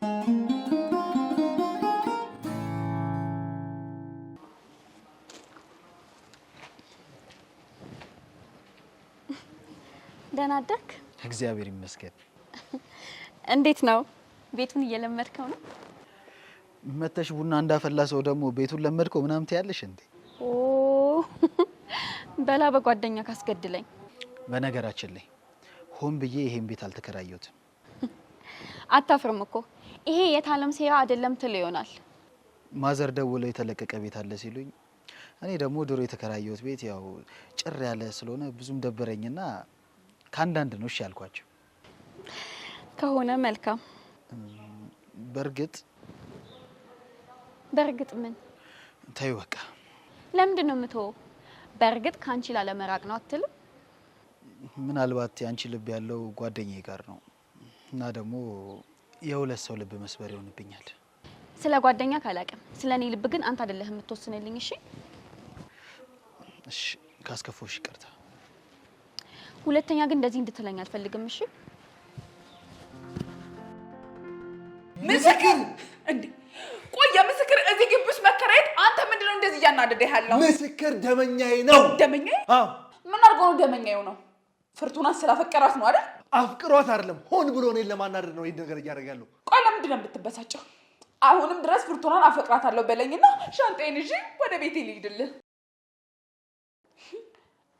ደህና አደርክ? እግዚአብሔር ይመስገን። እንዴት ነው ቤቱን እየለመድከው ነው? መተሽ ቡና እንዳፈላ ሰው ደግሞ ቤቱን ለመድከው ምናምን ትያለሽ እንዴ? ኦ በላ በጓደኛ ካስገድለኝ። በነገራችን ላይ ሆን ብዬ ይሄን ቤት አልተከራየሁትም። አታፍርም እኮ ይሄ የታለም ሴራ አይደለም ትል ይሆናል። ማዘር ደውለው የተለቀቀ ቤት አለ ሲሉኝ እኔ ደግሞ ድሮ የተከራየሁት ቤት ያው ጭር ያለ ስለሆነ ብዙም ደበረኝና ከአንዳንድ ነው እሺ ያልኳቸው። ከሆነ መልካም። በእርግጥ በእርግጥ ምን ተይው፣ በቃ ለምንድን ነው የምትወው? በእርግጥ ከአንቺ ላለመራቅ ነው አትልም? ምናልባት ያንቺ ልብ ያለው ጓደኛዬ ጋር ነው እና ደግሞ የሁለት ሰው ልብ መስበር ይሆንብኛል። ስለ ጓደኛ ካላቅም ስለ እኔ ልብ ግን አንተ አደለህ የምትወስንልኝ። እሺ እሺ፣ ካስከፎሽ ይቅርታ። ሁለተኛ ግን እንደዚህ እንድትለኝ አልፈልግም። እሺ ምስክር እንዴ? ቆይ ምስክር እዚህ ግቢ ውስጥ መከራየት አንተ ምንድነው እንደዚህ እያናደደ ያለው? ምስክር ደመኛዬ ነው። ደመኛዬ? አዎ። ምን አድርጎ ነው ደመኛዬ ነው? ፍርቱናን ስላፈቀራት ነው አይደል? አፍቅሯት አይደለም፣ ሆን ብሎ እኔን ለማናደድ ነው ይህ ነገር እያደረገ ያለው። ቆይ ለምንድን ነው የምትበሳጨው? አሁንም ድረስ ፍርቱናን አፈቅራታለሁ በለኝና ሻንጤን ይዤ ወደ ቤቴ ልሂድልህ።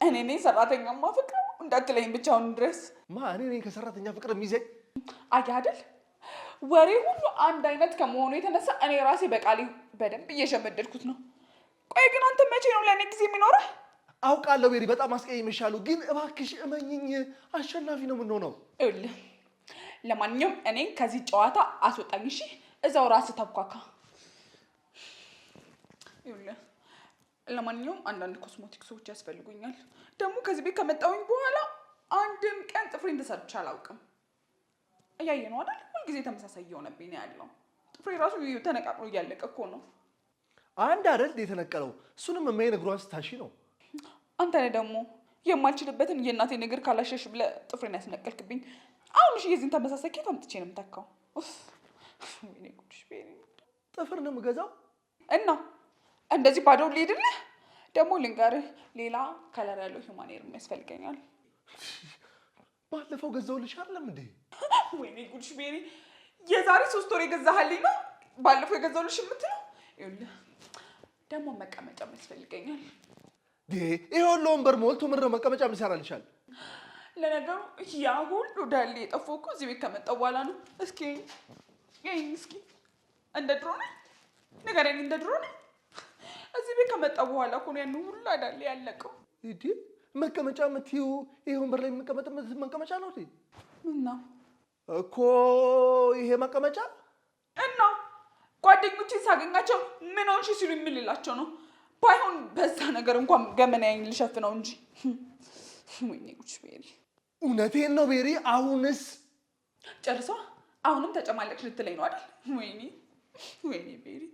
እኔ እኔ ሰራተኛ ፍቅር እንዳትለኝ ብቻ ድረስ ማ እኔ እኔ ከሰራተኛ ፍቅር የሚይዘኝ አያድል አይደል? ወሬ ሁሉ አንድ አይነት ከመሆኑ የተነሳ እኔ ራሴ በቃሌ በደንብ እየሸመደድኩት ነው። ቆይ ግን አንተ መቼ ነው ለእኔ ጊዜ የሚኖረህ? አውቃለሁ ቤሪ፣ በጣም አስቀይሜሻለሁ፣ ግን እባክሽ እመኝኝ አሸናፊ ነው የምንሆነው። ይኸውልህ ለማንኛውም እኔ ከዚህ ጨዋታ አስወጣኝ፣ እሺ? እዛው ራስ ተብኳካ። ይኸውልህ ለማንኛውም አንዳንድ ኮስሞቲክሶች ያስፈልጉኛል። ደግሞ ከዚህ ቤት ከመጣሁኝ በኋላ አንድም ቀን ጥፍሬን ተሰርቼ አላውቅም። እያየ ነው አይደል? ሁልጊዜ ተመሳሳይ እየሆነብኝ ነው ያለው። ጥፍሬ ራሱ ተነቃቅሎ እያለቀ እኮ ነው። አንድ አይደል የተነቀለው፣ እሱንም የማይነግሯን ስታሺ ነው አንተ ነህ ደግሞ የማልችልበትን የእናቴ እግር ካላሸሽ ብለ ጥፍሬን ያስነቀልክብኝ። አሁን አሁንሽ የዚህን ተመሳሳይ ኬት አምጥቼ ነው የምታካው? ጥፍር ነው የምገዛው እና እንደዚህ ባዶ ሊሄድልህ ደግሞ ልንገርህ፣ ሌላ ከለር ያለው ሂውማን ሄር ያስፈልገኛል። ባለፈው ገዛሁልሽ አይደለም እንዴ? ወይኔ ጉድሽ ቤሪ፣ የዛሬ ሶስት ወር የገዛሃልኝ ነው ባለፈው የገዛሁልሽ የምትለው? ይኸውልህ ደግሞ መቀመጫም ያስፈልገኛል። ይሄ ሁሉ ወንበር ሞልቶ ምን ነው መቀመጫ ሊሰራል ይሻል። ለነገሩ ያ ሁሉ ዳሌ የጠፋው እኮ እዚህ ቤት ከመጣሁ በኋላ ነው። እስኪ ይሄን እስኪ እንደ ድሮ ነኝ ንገረኝ፣ እንደ ድሮ ነኝ። እዚህ ቤት ከመጣሁ በኋላ እኮ ነው ያን ሁሉ ዳሌ ያለቀው። እዲ መቀመጫ የምትይው ይሄ ወንበር ላይ የሚቀመጥ መቀመጫ ነው እና እኮ ይሄ መቀመጫ እና ጓደኞቼ ሳገኛቸው ምን ሆንሽ ሲሉ የምልላቸው ነው ባይሆን በዛ ነገር እንኳን ገመናዬን ልሸፍነው እንጂ። ወይኔ ጉች ቤሪ፣ እውነቴን ነው ቤሪ። አሁንስ ጨርሷ። አሁንም ተጨማለቅሽ ልትለኝ ነው አይደል? ወይኔ ወይኔ ቤሪ፣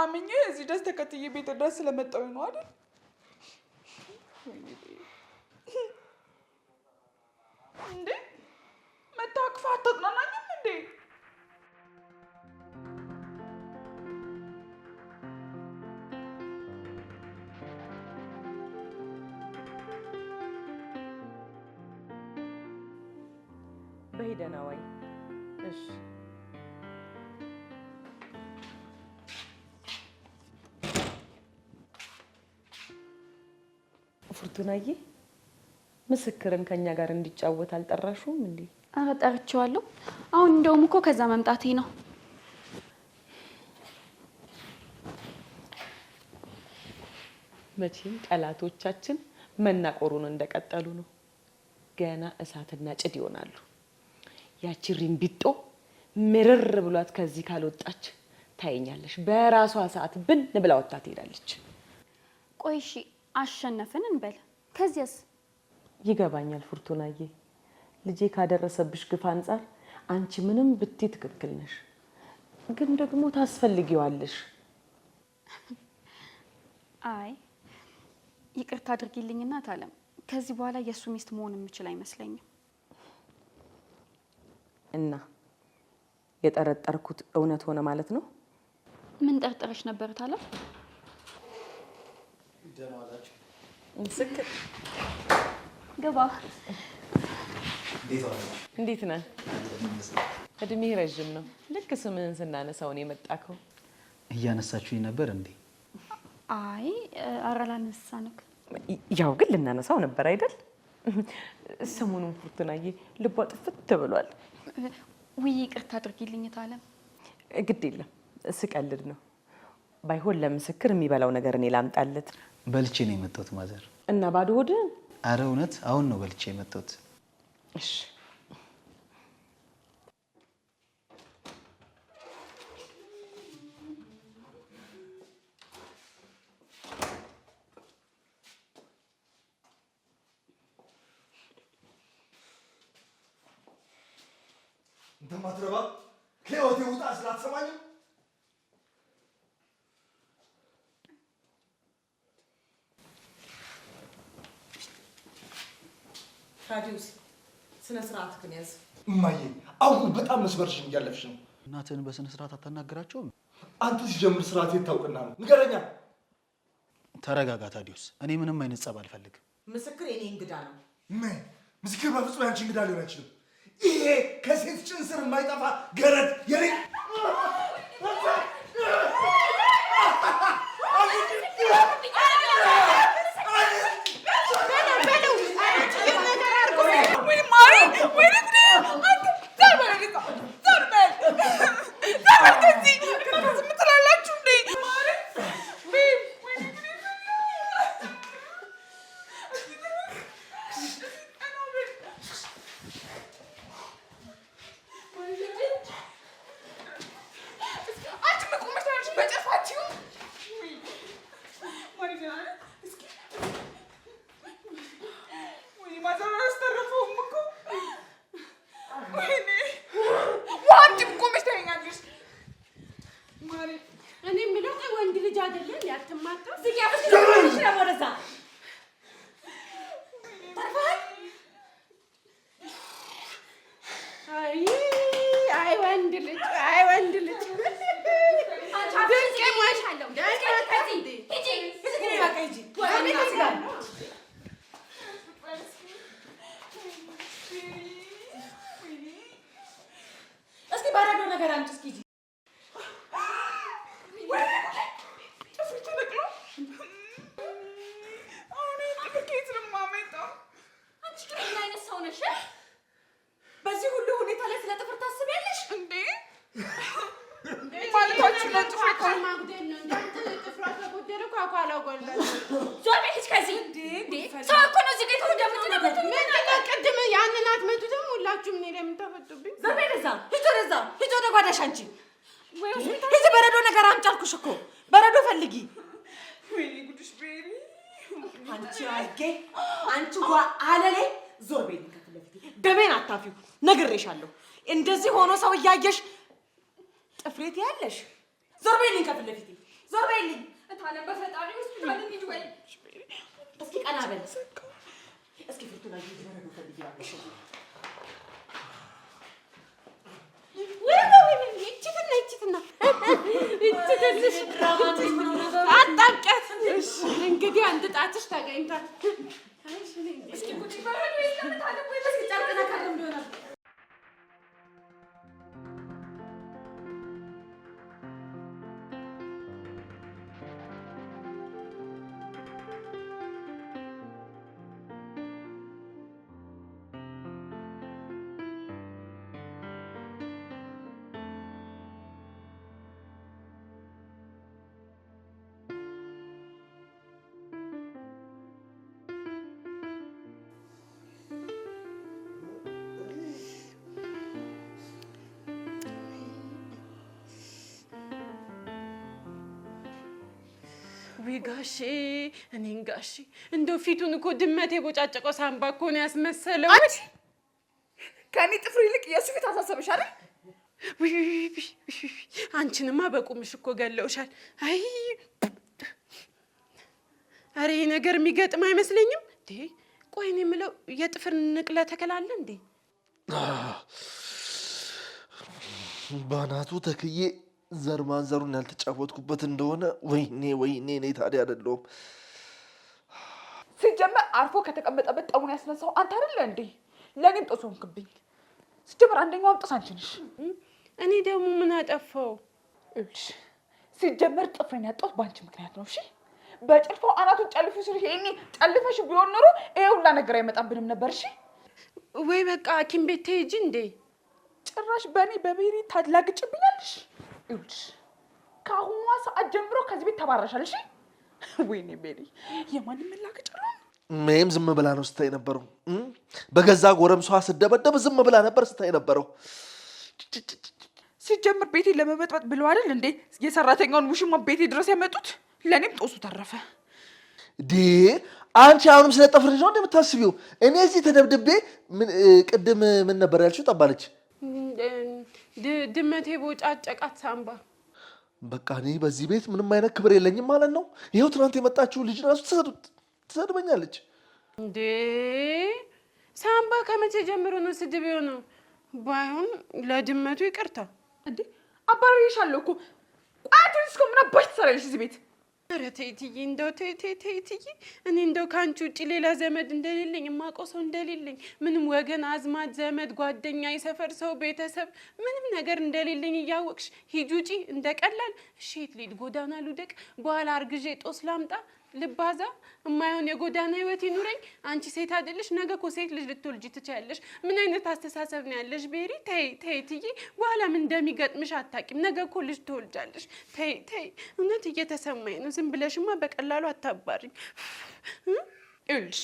አምኜ እዚህ ደስ ተከትዬ ቤት ድረስ ስለመጣሁኝ ነው አይደል? ወይኔ ቤሪ እንዴ መታቅፋ አታጥናና ቡናዬ ምስክርን ከኛ ጋር እንዲጫወት አልጠራሹም እንዴ? ኧረ ጠርቼዋለሁ። አሁን እንደውም እኮ ከዛ መምጣቴ ነው። መቼም ጠላቶቻችን መናቆሩን እንደቀጠሉ ነው። ገና እሳትና ጭድ ይሆናሉ። ያቺ ሪምቢጦ ምርር ብሏት ከዚህ ካልወጣች ታይኛለሽ። በራሷ ሰዓት ብን ብላ ወጣ ትሄዳለች። ቆይ አሸነፍን እንበል ከዚያስ? ይገባኛል ፉርቱናዬ፣ ልጄ ካደረሰብሽ ግፍ አንጻር አንቺ ምንም ብቴ ትክክል ነሽ፣ ግን ደግሞ ታስፈልጊዋለሽ። አይ ይቅርታ አድርጊልኝና ታለም፣ ከዚህ በኋላ የእሱ ሚስት መሆን የምችል አይመስለኝም። እና የጠረጠርኩት እውነት ሆነ ማለት ነው? ምን ጠርጠረሽ ነበር ታለም? ምስክር ገባ። እንዴት ነህ? እድሜ ረዥም ነው። ልክ ስምህን ስናነሳውን የመጣከው እያነሳችሁኝ ነበር እንዴ? አይ ኧረ ላነሳ ያው ግን ልናነሳው ነበር አይደል? ሰሞኑን ፉርቱናዬ ልቧ ጥፍት ብሏል። ውይ ይቅርታ አድርጊልኝ ታለም። ግድ የለም ስቀልድ ነው። ባይሆን ለምስክር የሚበላው ነገር እኔ ላምጣለት። በልቼ ነው የመጣሁት ማዘር። እና ባዶ ሆድ? አረ እውነት አሁን ነው በልቼ የመጣሁት። እሺ ያዝ። እማዬ አሁን በጣም መስመርሽን እያለፍሽ ነው። እናትህን በስነ ስርዓት አታናግራቸውም? አንተ ሲጀምር ስርዓት የታውቅና ነው? ንገረኛ። ተረጋጋ ታዲዮስ። እኔ ምንም አይነት ጸብ አልፈልግም። ምስክር የኔ እንግዳ ነው። ምን ምስክር? በፍጹም ያንቺ እንግዳ ሊሆን አይችልም። ይሄ ከሴት ጭን የማይጠፋ ገረድ የኔ cuéntalo, 他就不会 ጋሼ እኔን ጋሼ እንደው ፊቱን እኮ ድመት የቦጫጨቀው ሳምባ እኮ ነው ያስመሰለው። አንቺ ከእኔ ጥፍር ይልቅ የእሱ ፊት አሳሰብሽ አይደል? አንቺንማ በቁምሽ እኮ ገለውሻል። አይ አረ ይሄ ነገር የሚገጥም አይመስለኝም። እንዴ ቆይ እኔ የምለው የጥፍር ንቅለ ተከላ አለ እንዴ? ባናቱ ተክዬ ዘር ማንዘሩን ያልተጫወትኩበት እንደሆነ ወይኔ ወይኔ፣ እኔ ታዲያ አይደለሁም። ሲጀመር አርፎ ከተቀመጠበት ጠሙን ያስነሳው አንተ አይደለ እንዴ? ለእኔም ጦስ ሆንክብኝ። ሲጀመር አንደኛውም ጦስ አንቺ ነሽ። እኔ ደግሞ ምን አጠፋው? ሲጀመር ጥፍሬን ያጣሁት በአንቺ ምክንያት ነው። እሺ በጭልፋው አናቱን ጨልፊ ስልሽ ይሄኔ ጨልፈሽ ቢሆን ኖሮ ይሄ ሁላ ነገር አይመጣብንም ነበር። እሺ ወይ በቃ ሐኪም ቤት ትሄጂ እንዴ? ጭራሽ በእኔ በቤሪ ታላግጭብኛለሽ። ይኸውልሽ ከአሁኗ ሰዓት ጀምሮ ከዚህ ቤት ተባረሻል። እሺ? ወይኔ ቤሪ የማንም መላገጫ ነው። ዝም ብላ ነው ስታይ ነበረው። በገዛ ጎረምሷ ስደበደብ ዝም ብላ ነበር ስታይ ነበረው። ሲጀምር ቤቴ ለመበጥበጥ ብለው አይደል እንዴ የሰራተኛውን ውሽማ ቤቴ ድረስ ያመጡት? ለእኔም ጦሱ ተረፈ። ዴ አንቺ አሁንም ስለ ጠፍርሽ ነው እንደምታስቢው። እኔ እዚህ ተደብድቤ ቅድም ምን ነበር ያልሽው? ጠባለች ድመቴ ቦጫጨቃት ሳምባ። በቃ እኔ በዚህ ቤት ምንም አይነት ክብር የለኝም ማለት ነው። ይኸው ትናንት የመጣችው ልጅ ራሱ ትሰድበኛለች እንዴ! ሳምባ ከመቼ ጀምሮ ነው ስድብ የሆነው? ባይሆን ለድመቱ ይቅርታ። እንዴ አባረሻለሁ እኮ ቋቱን እስከ ምን ትሰራለች እዚህ ቤት ኧረ ተይትዬ እንደው ተይ ተይ ተይትዬ እኔ እንደው ከአንቺ ውጭ ሌላ ዘመድ እንደሌለኝ የማውቀው ሰው እንደሌለኝ ምንም ወገን አዝማድ፣ ዘመድ፣ ጓደኛ፣ የሰፈር ሰው፣ ቤተሰብ ምንም ነገር እንደሌለኝ እያወቅሽ ሂጂ ውጪ እንደቀላል። እሺ የት ልሂድ? ጎዳና ልውደቅ? በኋላ አርግዤ ጦስ ላምጣ? ልባዛ የማይሆን የጎዳና ህይወት ይኑረኝ። አንቺ ሴት አይደለሽ? ነገ እኮ ሴት ልጅ ልትወልጂ ትችያለሽ። ምን አይነት አስተሳሰብ ነው ያለሽ? ቤሪ ተይ ተይ፣ ትዬ በኋላ ምን እንደሚገጥምሽ አታቂም። ነገ እኮ ልጅ ትወልጃለሽ። ተይ ተይ፣ እውነት እየተሰማኝ ነው። ዝም ብለሽማ በቀላሉ አታባሪኝ። እልሽ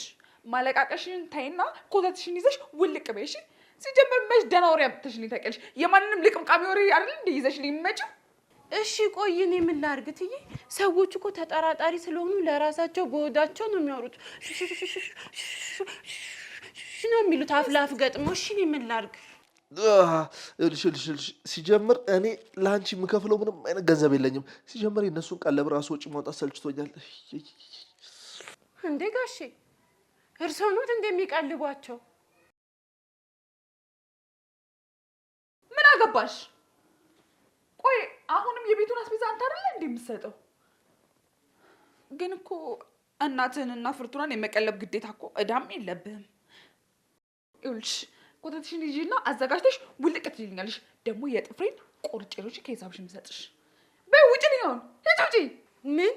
ማለቃቀሽን ተይና ኮተትሽን ይዘሽ ውልቅ በይሽ። ሲጀመር መች ደህና ወሬ አምጥተሽ ነው የተቀልሽ? የማንንም ልቅምቃሚ ወሬ አይደል እንደ ይዘሽ ነው እሺ ቆይ እኔ ምን ላድርግ ትዬ፣ ሰዎች እኮ ተጠራጣሪ ስለሆኑ ለራሳቸው በወዳቸው ነው የሚያወሩት ነው የሚሉት፣ አፍላፍ ገጥሞ። እሺ እኔ ምን ላድርግ? ሲጀምር እኔ ለአንቺ የምከፍለው ምንም አይነት ገንዘብ የለኝም። ሲጀምር የእነሱን ቀለብ ራሱ ወጪ ማውጣት ሰልችቶኛል። እንዴ ጋሼ እርስዎ ኖት እንደሚቀልቧቸው? ምን አገባሽ? ቆይ አሁንም የቤቱን አስቤዛ አንተ አይደለ እንዴ የምትሰጠው? ግን እኮ እናትህን እናትህንና ፍርቱናን የመቀለብ ግዴታ እኮ እዳም የለብህም። ይኸውልሽ ኮተትሽን ይዤና አዘጋጅተሽ ውልቅ ትይልኛለሽ። ደግሞ የጥፍሬን ቁርጭሎች ከሂሳብሽ የምሰጥሽ። በይ ውጭ ሊሆን ልጅ ውጪ። ምን?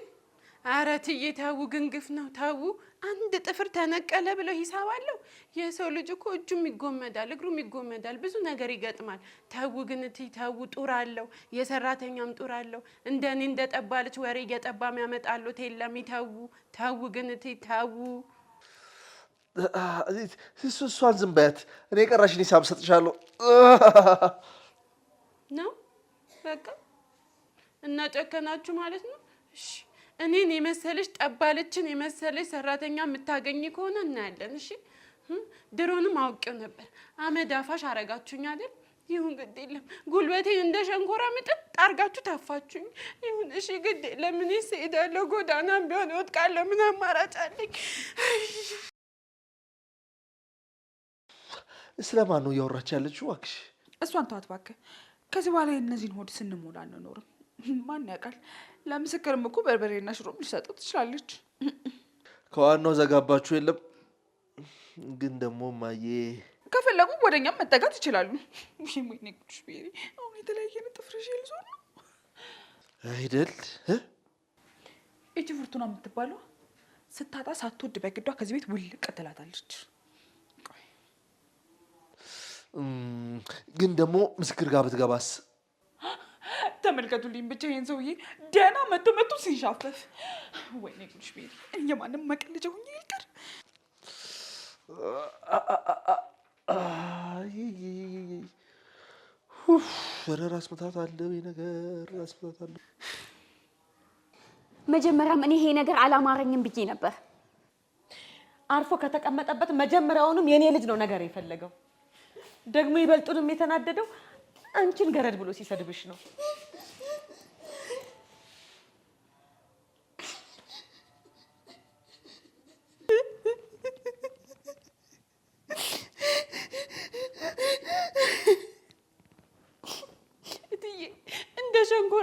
ኧረ ትዬ ተው፣ ግንግፍ ነው ተው። አንድ ጥፍር ተነቀለ ብለው ሂሳብ አለው? የሰው ልጅ እኮ እጁም ይጎመዳል፣ እግሩም ይጎመዳል፣ ብዙ ነገር ይገጥማል። ተው ግንት ተው፣ ጡር አለው፣ የሰራተኛም ጡር አለው። እንደ እኔ እንደ ጠባ ልጅ ወሬ እየጠባ የሚያመጣሉት የለም። ይተው ተው፣ ግንት ተው። እሷን ዝም በያት። እኔ የቀራሽን ሂሳብ ሰጥሻለሁ ነው በቃ። እናጨከናችሁ ማለት ነው። እሺ እኔን የመሰለች ጠባለችን የመሰለች ሰራተኛ የምታገኝ ከሆነ እናያለን። እሺ ድሮንም አውቄው ነበር። አመድ አፋሽ አረጋችሁኝ አይደል? ይሁን ግድ የለም። ጉልበቴን እንደ ሸንኮራ ምጥጥ አርጋችሁ ታፋችሁኝ። ይሁን እሺ፣ ግድ የለም። እኔ ስሄዳለሁ፣ ጎዳናም ቢሆን እወድቃለሁ። ምን አማራጭ አለኝ? ስለማን ነው እያወራች ያለችው? እባክሽ እሷን ተዋት እባክህ። ከዚህ በኋላ የእነዚህን ሆድ ስንሞላ አንኖርም። ማን ያውቃል? ለምስክርም እኮ በርበሬና ሽሮም ሊሰጡ ትችላለች። ከዋናው ዘጋባችሁ የለም ግን ደግሞ ማዬ ከፈለጉ ወደ እኛም መጠጋት ይችላሉ። አሁን የተለያየ ጥፍርሽ ልዞ ነው አይደል? እጅ ፍርቱና የምትባለው ስታጣ ሳትወድ በግዷ ከዚህ ቤት ውልቅ ትላታለች። ግን ደግሞ ምስክር ጋር ብትገባስ ተመልከቱልኝ ብቻ ይህን ሰውዬ ደህና መቶ መቶ ሲንሻፈፍ፣ ወይኔ ጉድሽ ቤት የማንም መቀለጃ ሁኝ ይቅር። ወደ ራስ ምታት አለ ነገር ራስ ምታት አለ። መጀመሪያም እኔ ይሄ ነገር አላማረኝም ብዬ ነበር። አርፎ ከተቀመጠበት መጀመሪያውንም የእኔ ልጅ ነው ነገር የፈለገው ደግሞ ይበልጡንም የተናደደው አንቺን ገረድ ብሎ ሲሰድብሽ ነው።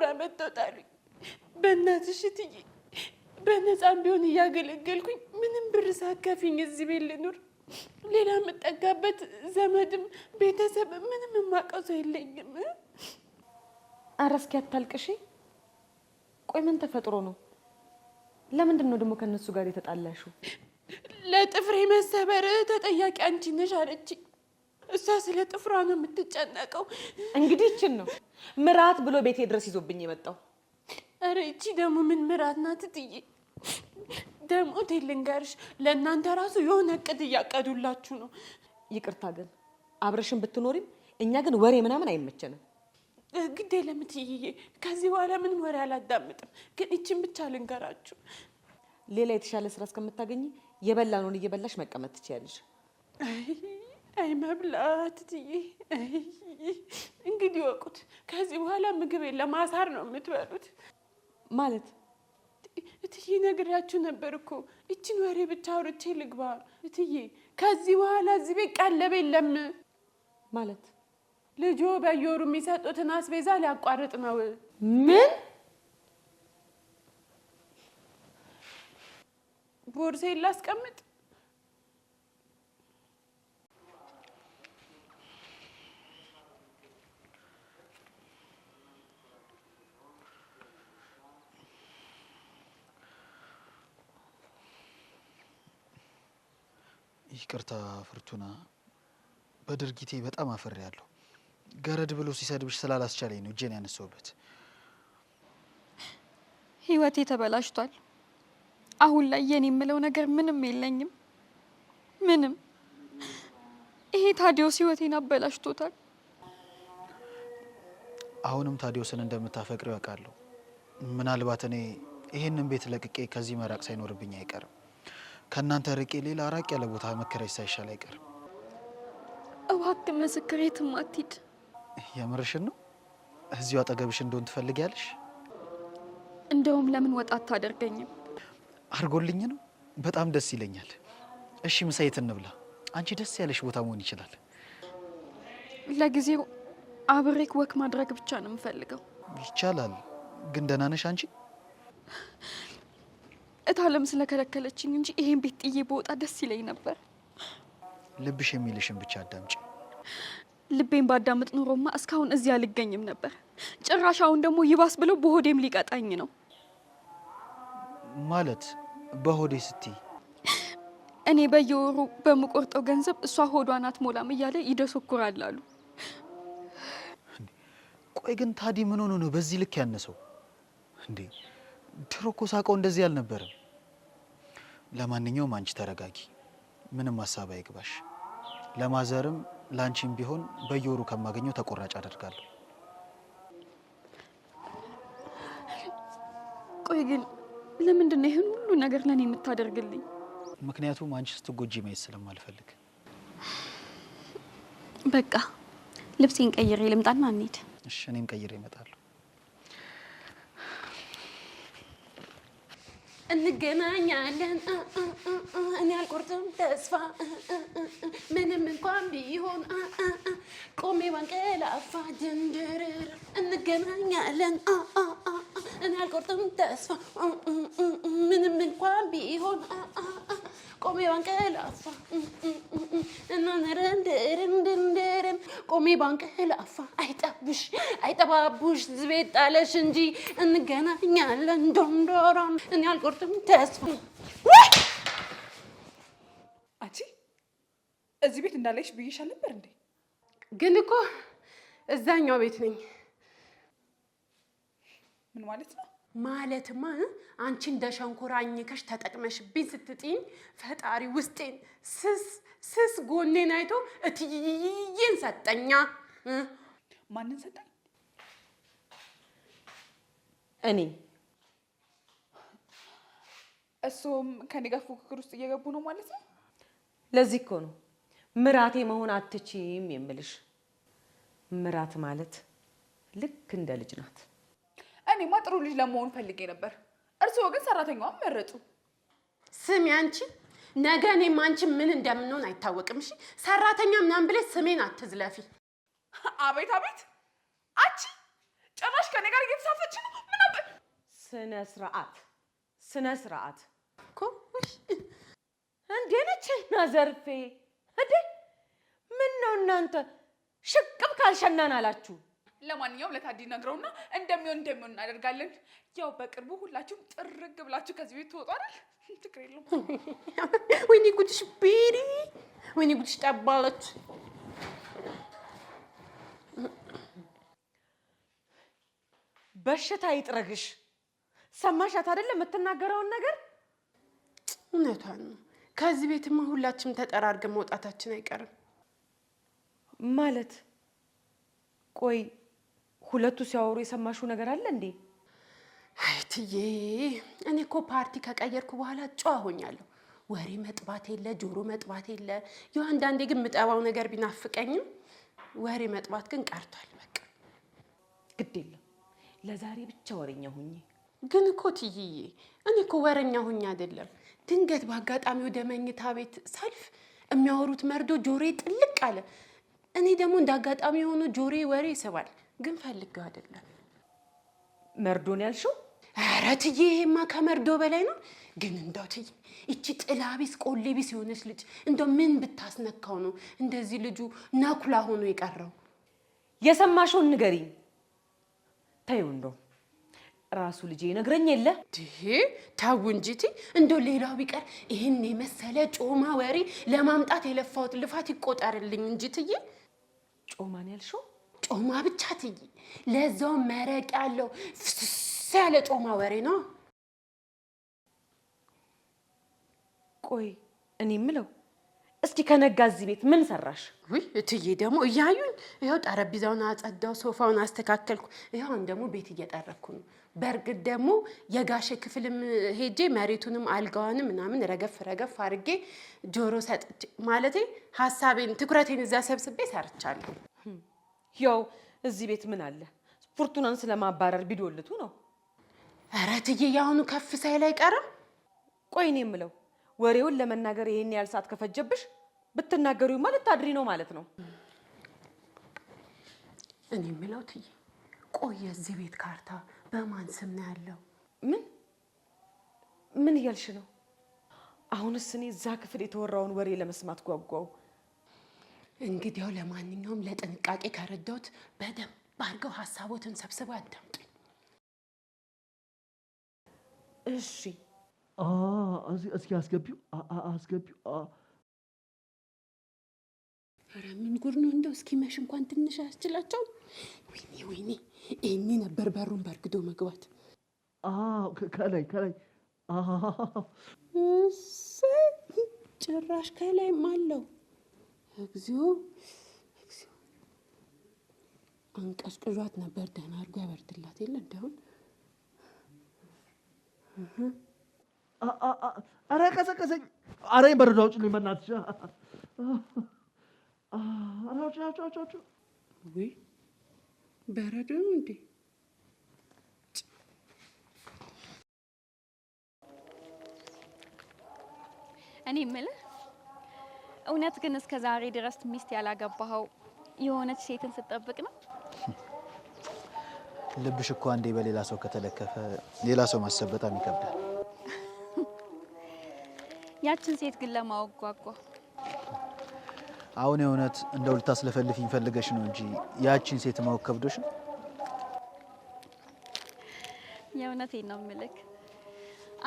ሞራ መጥቶታሉኝ። በእናትሽ እትዬ በነፃም ቢሆን እያገለገልኩኝ ምንም ብር ሳካፊኝ እዚህ ቤት ልኑር። ሌላ የምጠጋበት ዘመድም ቤተሰብ ምንም የማውቀው ሰው የለኝም። ኧረ እስኪ አታልቅሺ። ቆይ ምን ተፈጥሮ ነው? ለምንድን ነው ደግሞ ከእነሱ ጋር የተጣላሽው? ለጥፍሬ መሰበር ተጠያቂ አንቺ ነሽ አለችኝ። እሷ ስለ ጥፍሯ ነው የምትጨነቀው። እንግዲህ ይችን ነው ምራት ብሎ ቤቴ ድረስ ይዞብኝ የመጣው። አረ ይቺ ደግሞ ምን ምራት ናት ትዬ ደግሞ ልንገርሽ፣ ለእናንተ ራሱ የሆነ እቅድ እያቀዱላችሁ ነው። ይቅርታ ግን አብረሽን ብትኖሪም እኛ ግን ወሬ ምናምን አይመቸንም። ግዴ ለምትይዬ ከዚህ በኋላ ምን ወሬ አላዳምጥም። ግን ይችን ብቻ ልንገራችሁ፣ ሌላ የተሻለ ስራ እስከምታገኝ የበላነውን እየበላሽ መቀመጥ ትችያለሽ። አይ መብላት እትዬ፣ እንግዲህ ወቁት። ከዚህ በኋላ ምግብ የለም፣ አሳር ነው የምትበሉት። ማለት እትዬ ነግራችሁ ነበር እኮ። እችን ወሬ ብቻ አውርቼ ልግባ። እትዬ ከዚህ በኋላ እዚህ ቤት ቀለብ የለም። ማለት ልጆ በየወሩ የሚሰጡትን አስቤዛ ሊያቋርጥ ነው። ምን ቦርሴ ላስቀምጥ ይቅርታ ፍርቱና፣ በድርጊቴ በጣም አፍሬያለሁ። ገረድ ብሎ ሲሰድብሽ ስላላስቻለኝ ነው እጄን ያነሳውበት። ህይወቴ ተበላሽቷል። አሁን ላይ የኔ የምለው ነገር ምንም የለኝም። ምንም ይሄ ታዲዮስ ህይወቴን አበላሽቶታል። አሁንም ታዲዮስን እንደምታፈቅረው ያውቃለሁ። ምናልባት እኔ ይህንን ቤት ለቅቄ ከዚህ መራቅ ሳይኖርብኝ አይቀርም። ከእናንተ ርቄ ሌላ ራቅ ያለ ቦታ መከራየት ሳይሻል አይቀርም። እባክህ ምስክር የትም አትሂድ። የምርሽን ነው? እዚሁ አጠገብሽ እንደሆን ትፈልጊያለሽ? እንደውም ለምን ወጣ አታደርገኝም? አድርጎልኝ ነው በጣም ደስ ይለኛል። እሺ ምሳ የት እንብላ? አንቺ ደስ ያለሽ ቦታ መሆን ይችላል። ለጊዜው አብሬክ ወክ ማድረግ ብቻ ነው የምፈልገው። ይቻላል። ግን ደህና ነሽ አንቺ? እታለም ስለከለከለችኝ እንጂ ይሄን ቤት ጥዬ በወጣ ደስ ይለኝ ነበር። ልብሽ የሚልሽን ብቻ አዳምጪ። ልቤን ባዳምጥ ኑሮማ እስካሁን እዚህ አልገኝም ነበር። ጭራሽ አሁን ደግሞ ይባስ ብለው በሆዴም ሊቀጣኝ ነው። ማለት በሆዴ ስትይ? እኔ በየወሩ በምቆርጠው ገንዘብ እሷ ሆዷ ናት ሞላም እያለ ይደሰኩራል አሉ። ቆይ ግን ታዲ ምን ሆኖ ነው በዚህ ልክ ያነሰው እንዴ? ድሮ እኮ ሳቀው እንደዚህ አልነበረም። ለማንኛውም አንቺ ተረጋጊ፣ ምንም ሀሳብ አይግባሽ። ለማዘርም ለአንቺም ቢሆን በየወሩ ከማገኘው ተቆራጭ አደርጋለሁ። ቆይ ግን ለምንድን ነው ይህን ሁሉ ነገር ለእኔ የምታደርግልኝ? ምክንያቱም አንቺ ስትጎጂ ማየት ስለማልፈልግ። በቃ ልብሴን ቀይሬ ልምጣና እንሂድ። እሺ፣ እኔም ቀይሬ ይመጣል። እንገናኛለን። እኔ አልቆርጥም ተስፋ ምንም እንኳን ቢሆን ቆሜ ባንቀላፋ ድንድርር እንገናኛለን። እኔ አልቆርጥም ተስፋ ምንም እንኳን ቢሆን ቆሜ ባንቀላፋ ቆሜ ባንቀላፋ አይጠብሽ አይጠባቡሽ ዝቤት ጣለሽ እንጂ እንገናኛለን። ዶንዶሮን እኔ አልቆርጥም ተስፋ። አንቺ እዚህ ቤት እንዳለሽ ብዬሽ አልነበር እንዴ? ግን እኮ እዛኛው ቤት ነኝ። ምን ማለት ነው? ማለትማ አንቺ እንደ ሸንኮራ አኝከሽ ተጠቅመሽብኝ ስትጥኝ ፈጣሪ ውስጤን ስስ ስስ ጎኔን አይቶ እትይይይን ሰጠኛ። ማንን ሰጠኝ? እኔ። እሱም ከኔ ጋር ፉክክር ውስጥ እየገቡ ነው ማለት ነው። ለዚህ እኮ ነው ምራቴ መሆን አትችም የምልሽ። ምራት ማለት ልክ እንደ ልጅ ናት። እኔማ ጥሩ ልጅ ለመሆን ፈልጌ ነበር። እርስዎ ግን ሰራተኛዋን መረጡ። ስሚ አንቺ፣ ነገ እኔም አንቺ ምን እንደምንሆን አይታወቅም። እሺ ሰራተኛ ምናምን ብለሽ ስሜን አትዝለፊ። አቤት አቤት! አንቺ ጭራሽ ከኔ ጋር እየተሳፈች ነው። ምናብ ስነ ስርዓት ስነ ስርዓት እኮ እንዴ ነች ናዘርፌ፣ ዘርፌ እንዴ! ምን ነው እናንተ ሽቅብ ካልሸናን አላችሁ ለማንኛውም ለታዲ ነግረውና እንደሚሆን እንደሚሆን እናደርጋለን። ያው በቅርቡ ሁላችሁም ጥርግ ብላችሁ ከዚህ ቤት ትወጡ ችግር የለም። ወይኔ ጉድሽ ቤሪ፣ ወይኔ ጉድሽ ጠባለች። በሽታ ይጥረግሽ። ሰማሻት አይደለ? የምትናገረውን ነገር እውነቷን ነው። ከዚህ ቤትማ ሁላችንም ተጠራርገን መውጣታችን አይቀርም ማለት ቆይ ሁለቱ ሲያወሩ የሰማሽው ነገር አለ እንዴ? አይ እትዬ፣ እኔ እኮ ፓርቲ ከቀየርኩ በኋላ ጨዋ ሆኛለሁ። ወሬ መጥባት የለ ጆሮ መጥባት የለ። ያው አንዳንዴ ግን የምጠባው ነገር ቢናፍቀኝም ወሬ መጥባት ግን ቀርቷል። በቃ ግድ የለም ለዛሬ ብቻ ወሬኛ ሁኝ። ግን እኮ ትይዬ፣ እኔ እኮ ወሬኛ ሁኝ አይደለም። ድንገት በአጋጣሚ ወደ መኝታ ቤት ሳልፍ የሚያወሩት መርዶ ጆሬ ጥልቅ አለ። እኔ ደግሞ እንደ አጋጣሚ የሆኑ ጆሬ ወሬ ይስባል። ግን ፈልገው አይደለም። መርዶን ያልሽው? ኧረ ትዬ ይሄማ ከመርዶ በላይ ነው። ግን እንደው ትዬ ይቺ ጥላ ቢስ ቆሌ ቢስ የሆነች ልጅ እንደው ምን ብታስነካው ነው እንደዚህ ልጁ ናኩላ ሆኖ የቀረው? የሰማሽውን ንገሪ። ተይው እንደው ራሱ ልጄ ነግረኝ የለ ድሄ ታው እንጂ እቴ። ሌላው ቢቀር ይህን የመሰለ ጮማ ወሬ ለማምጣት የለፋሁት ልፋት ይቆጠርልኝ እንጂ ትዬ። ጮማን ያልሽው ጮማ ብቻ ትይ፣ ለዛው መረቅ ያለው ፍስስ ያለ ጮማ ወሬ ነው። ቆይ እኔ የምለው እስኪ ከነጋ እዚህ ቤት ምን ሰራሽ? ውይ እትዬ ደግሞ እያዩኝ፣ ይኸው ጠረጴዛውን አጸዳው፣ ሶፋውን አስተካከልኩ፣ ይኸውን ደግሞ ቤት እየጠረኩ ነው። በእርግጥ ደግሞ የጋሼ ክፍልም ሄጄ መሬቱንም አልጋዋንም ምናምን ረገፍ ረገፍ አድርጌ ጆሮ ሰጥቼ ማለቴ ሀሳቤን ትኩረቴን እዛ ሰብስቤ ሰርቻለሁ። ያው እዚህ ቤት ምን አለ ፍርቱናን ስለማባረር ቢዶልቱ ነው። እረ ትዬ የአሁኑ ከፍ ሳይል አይቀርም። ቆይ እኔ የምለው ወሬውን ለመናገር ይሄን ያህል ሰዓት ከፈጀብሽ ብትናገሩ ማለት ታድሪ ነው ማለት ነው። እኔ የምለው እትዬ ቆይ የዚህ ቤት ካርታ በማን ስም ነው ያለው? ምን ምን እያልሽ ነው? አሁንስ እኔ እዛ ክፍል የተወራውን ወሬ ለመስማት ጓጓው። እንግዲያው ለማንኛውም ለጥንቃቄ ከረዳሁት በደንብ አድርገው ሀሳቦትን ሰብስበው አዳምጡኝ። እሺ እስኪ አስገቢው አስገቢው። ኧረ ምን ጉድ ነው እንደው መሽ እንኳን ትንሽ አያስችላቸውም። ወይኔ ወይኔ፣ ይሄኔ ነበር በሩን በርግዶ መግባት። ከላይ ከላይ ጭራሽ ከላይም አለው እግዚኦ እግዚኦ አንቀሽቅዟት ነበር። ደህና አድርጎ ያበርድላት የለ እንዳሁን። አረ ቀሰቀሰኝ! አረ በረዶ አውጪልኝ በእናትሽ! አረ በረዶ ነው እንዴ? እኔ የምልህ እውነት ግን እስከ ዛሬ ድረስ ሚስት ያላገባኸው የሆነች ሴትን ስጠብቅ ነው? ልብሽ እኮ አንዴ በሌላ ሰው ከተለከፈ ሌላ ሰው ማሰብ በጣም ይከብዳል። ያችን ሴት ግን ለማወቅ ጓጓ። አሁን የእውነት እንደው ልታስለፈልፊኝ ይፈልገሽ ነው እንጂ ያችን ሴት ማወቅ ከብዶሽ ነው? የእውነቴን ነው ምልክ።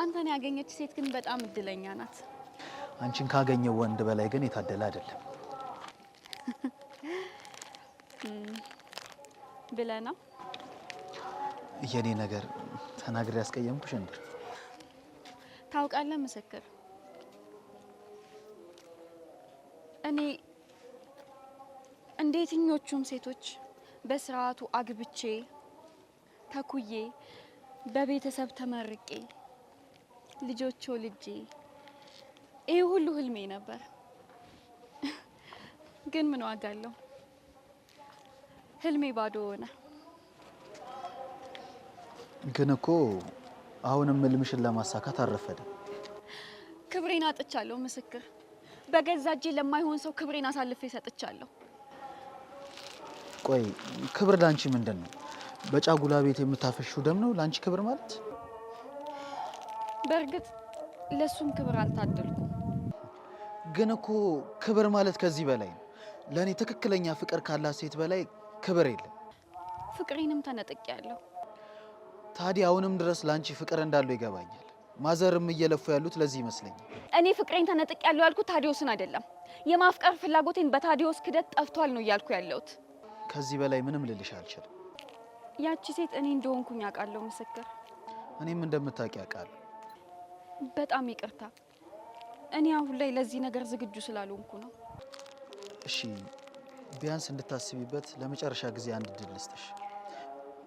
አንተን ያገኘች ሴት ግን በጣም እድለኛ ናት። አንቺን ካገኘው ወንድ በላይ ግን የታደለ አይደለም ብለህ ነው የኔ ነገር? ተናግሬ ያስቀየምኩሽ እንዴ? ታውቃለህ ምስክር፣ እኔ እንደ የትኞቹም ሴቶች በስርዓቱ አግብቼ ተኩዬ በቤተሰብ ተመርቄ ልጆች ወልጄ ይሄ ሁሉ ህልሜ ነበር፣ ግን ምን ዋጋ አለው? ህልሜ ባዶ ሆነ። ግን እኮ አሁንም ህልምሽን ለማሳካት አልረፈደም። ክብሬን አጥቻለሁ። ምስክር በገዛ እጄ ለማይሆን ሰው ክብሬን አሳልፌ ሰጥቻለሁ። ቆይ ክብር ላንቺ ምንድን ነው? በጫጉላ ቤት የምታፈሽው ደም ነው ላንቺ ክብር ማለት? በእርግጥ ለሱም ክብር አልታደልኩም። ግን እኮ ክብር ማለት ከዚህ በላይ ነው። ለእኔ ትክክለኛ ፍቅር ካላት ሴት በላይ ክብር የለም። ፍቅሬንም ያለው ታዲያ አሁንም ድረስ ለአንቺ ፍቅር እንዳለው ይገባኛል። ማዘርም እየለፉ ያሉት ለዚህ ይመስለኛል። እኔ ፍቅሬን ያለው ያልኩት ታዲዮስን አይደለም። የማፍቀር ፍላጎቴን በታዲዮስ ክደት ጠፍቷል ነው እያልኩ ያለሁት። ከዚህ በላይ ምንም ልልሽ አልችልም። ያቺ ሴት እኔ እንደሆንኩኝ አውቃለሁ ምስክር። እኔም እንደምታውቂ አውቃለሁ። በጣም ይቅርታ እኔ አሁን ላይ ለዚህ ነገር ዝግጁ ስላልሆንኩ ነው። እሺ ቢያንስ እንድታስቢበት ለመጨረሻ ጊዜ አንድ ድል ልስጥሽ።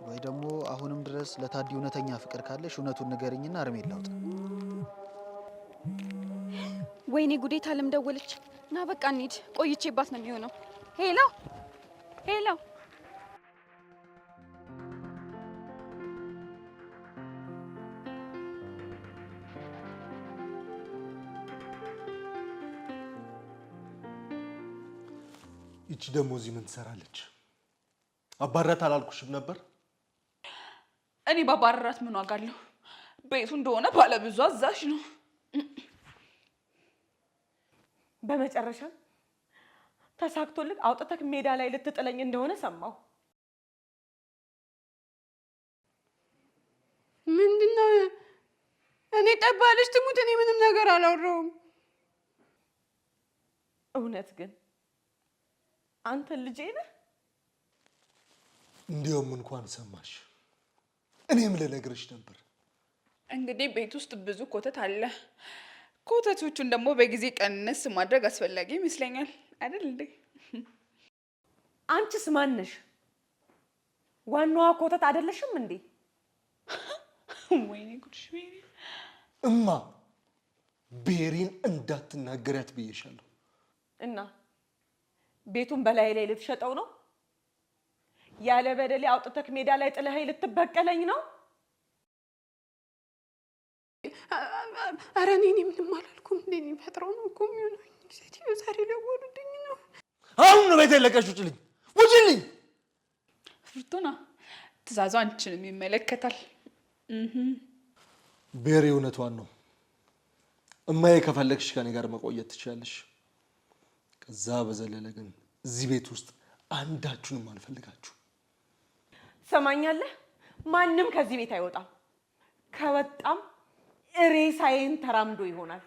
ወይ ደግሞ አሁንም ድረስ ለታዲ እውነተኛ ፍቅር ካለሽ እውነቱን ነገርኝና እርሜ ላውጥ። ወይኔ ጉዴታ! ለምን ደወለች? ና በቃ እንሂድ፣ ቆይቼባት ነው የሚሆነው። ሄሎ ሄሎ ይቺ ደግሞ እዚህ ምን ትሰራለች? አባራት አላልኩሽም ነበር? እኔ ባባረራት ምን ዋጋ አለው? ቤቱ እንደሆነ ባለብዙ አዛዥ ነው። በመጨረሻ ተሳክቶልህ አውጥተህ ሜዳ ላይ ልትጥለኝ እንደሆነ ሰማሁ። ምንድነው? እኔ ጠባለች ትሙት። እኔ ምንም ነገር አላወራውም። እውነት ግን አንተ ልጄ ነህ። እንዲያውም እንኳን ሰማሽ፣ እኔም ልነግርሽ ነበር። እንግዲህ ቤት ውስጥ ብዙ ኮተት አለ። ኮተቶቹን ደግሞ በጊዜ ቀነስ ማድረግ አስፈላጊ ይመስለኛል። አይደል እንዴ? አንቺስ ማነሽ? ዋናዋ ኮተት አይደለሽም እንዴ? ወይኔ ጉድሽ! ቤሪ እማ፣ ቤሪን እንዳትናገሪያት ብዬሻለሁ። እና ቤቱን በላይ ላይ ልትሸጠው ነው? ያለ በደሌ አውጥተክ ሜዳ ላይ ጥለኸኝ ልትበቀለኝ ነው? አረ እኔ ምንም አላልኩም። እንደ ፈጥረው ነው እኮ የሚሆነው። ሴትዮ ዛሬ ደወሉልኝ ነው። አሁን ነው ቤት ለቀሽ ውጭልኝ፣ ውጭልኝ። ፍርቱና ትእዛዙ አንችንም ይመለከታል። ብሔሬ እውነቷን ነው እማዬ። ከፈለግሽ ከኔ ጋር መቆየት ትችላለሽ። ከዛ በዘለለ ግን እዚህ ቤት ውስጥ አንዳችሁንም አልፈልጋችሁ። ሰማኛለህ? ማንም ከዚህ ቤት አይወጣም። ከወጣም ሬሳዬን ተራምዶ ይሆናል።